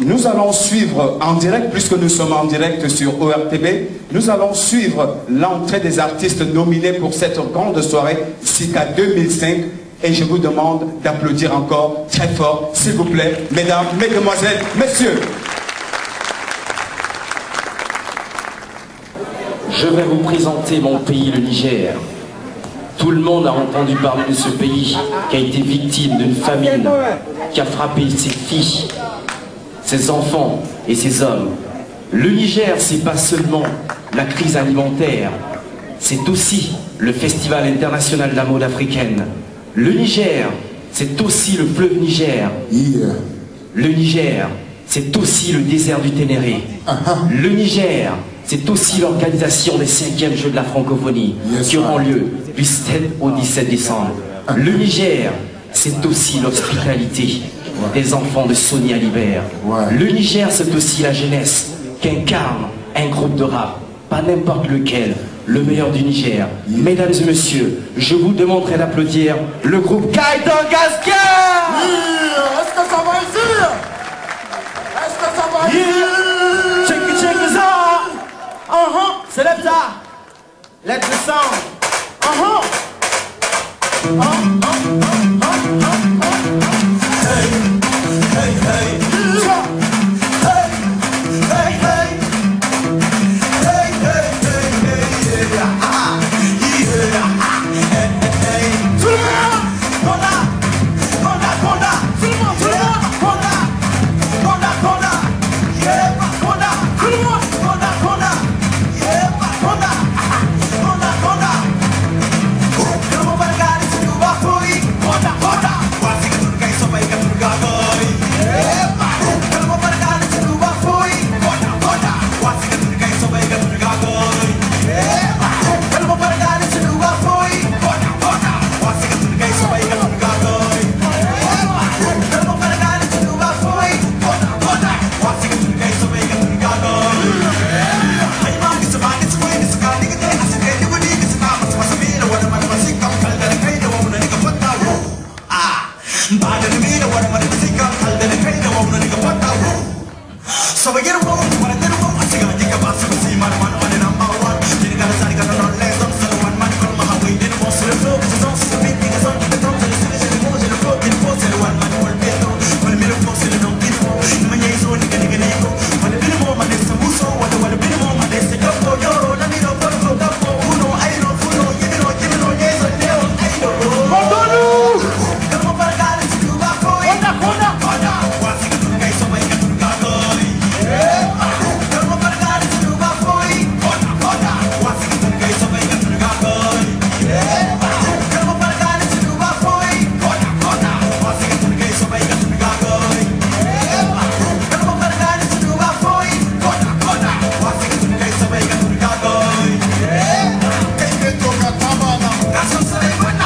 Nous allons suivre en direct, puisque nous sommes en direct sur ORTB, nous allons suivre l'entrée des artistes nominés pour cette grande soirée SICA 2005. Et je vous demande d'applaudir encore très fort, s'il vous plaît, mesdames, mesdemoiselles, messieurs. Je vais vous présenter mon pays, le Niger. Tout le monde a entendu parler de ce pays qui a été victime d'une famine qui a frappé ses filles, ses enfants et ses hommes. Le Niger, c'est pas seulement la crise alimentaire, c'est aussi le Festival international de la mode africaine. Le Niger, c'est aussi le fleuve Niger. Le Niger, c'est aussi le désert du Ténéré. Uh-huh. Le Niger, c'est aussi l'organisation des cinquièmes Jeux de la francophonie qui auront lieu du 7 au 17 décembre. Uh-huh. Le Niger, c'est aussi l'hospitalité des enfants de Sonia Libert. Le Niger, c'est aussi la jeunesse qu'incarne un groupe de rap, pas n'importe lequel, le meilleur du Niger. Mesdames et messieurs, je vous demanderai d'applaudir le groupe Kaido Gaskia Est-ce que ça va Est-ce que ça va Check check uh-huh. C'est ça we get a roll?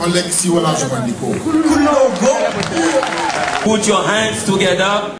Alexis Wala Jobandiko. Put your hands together.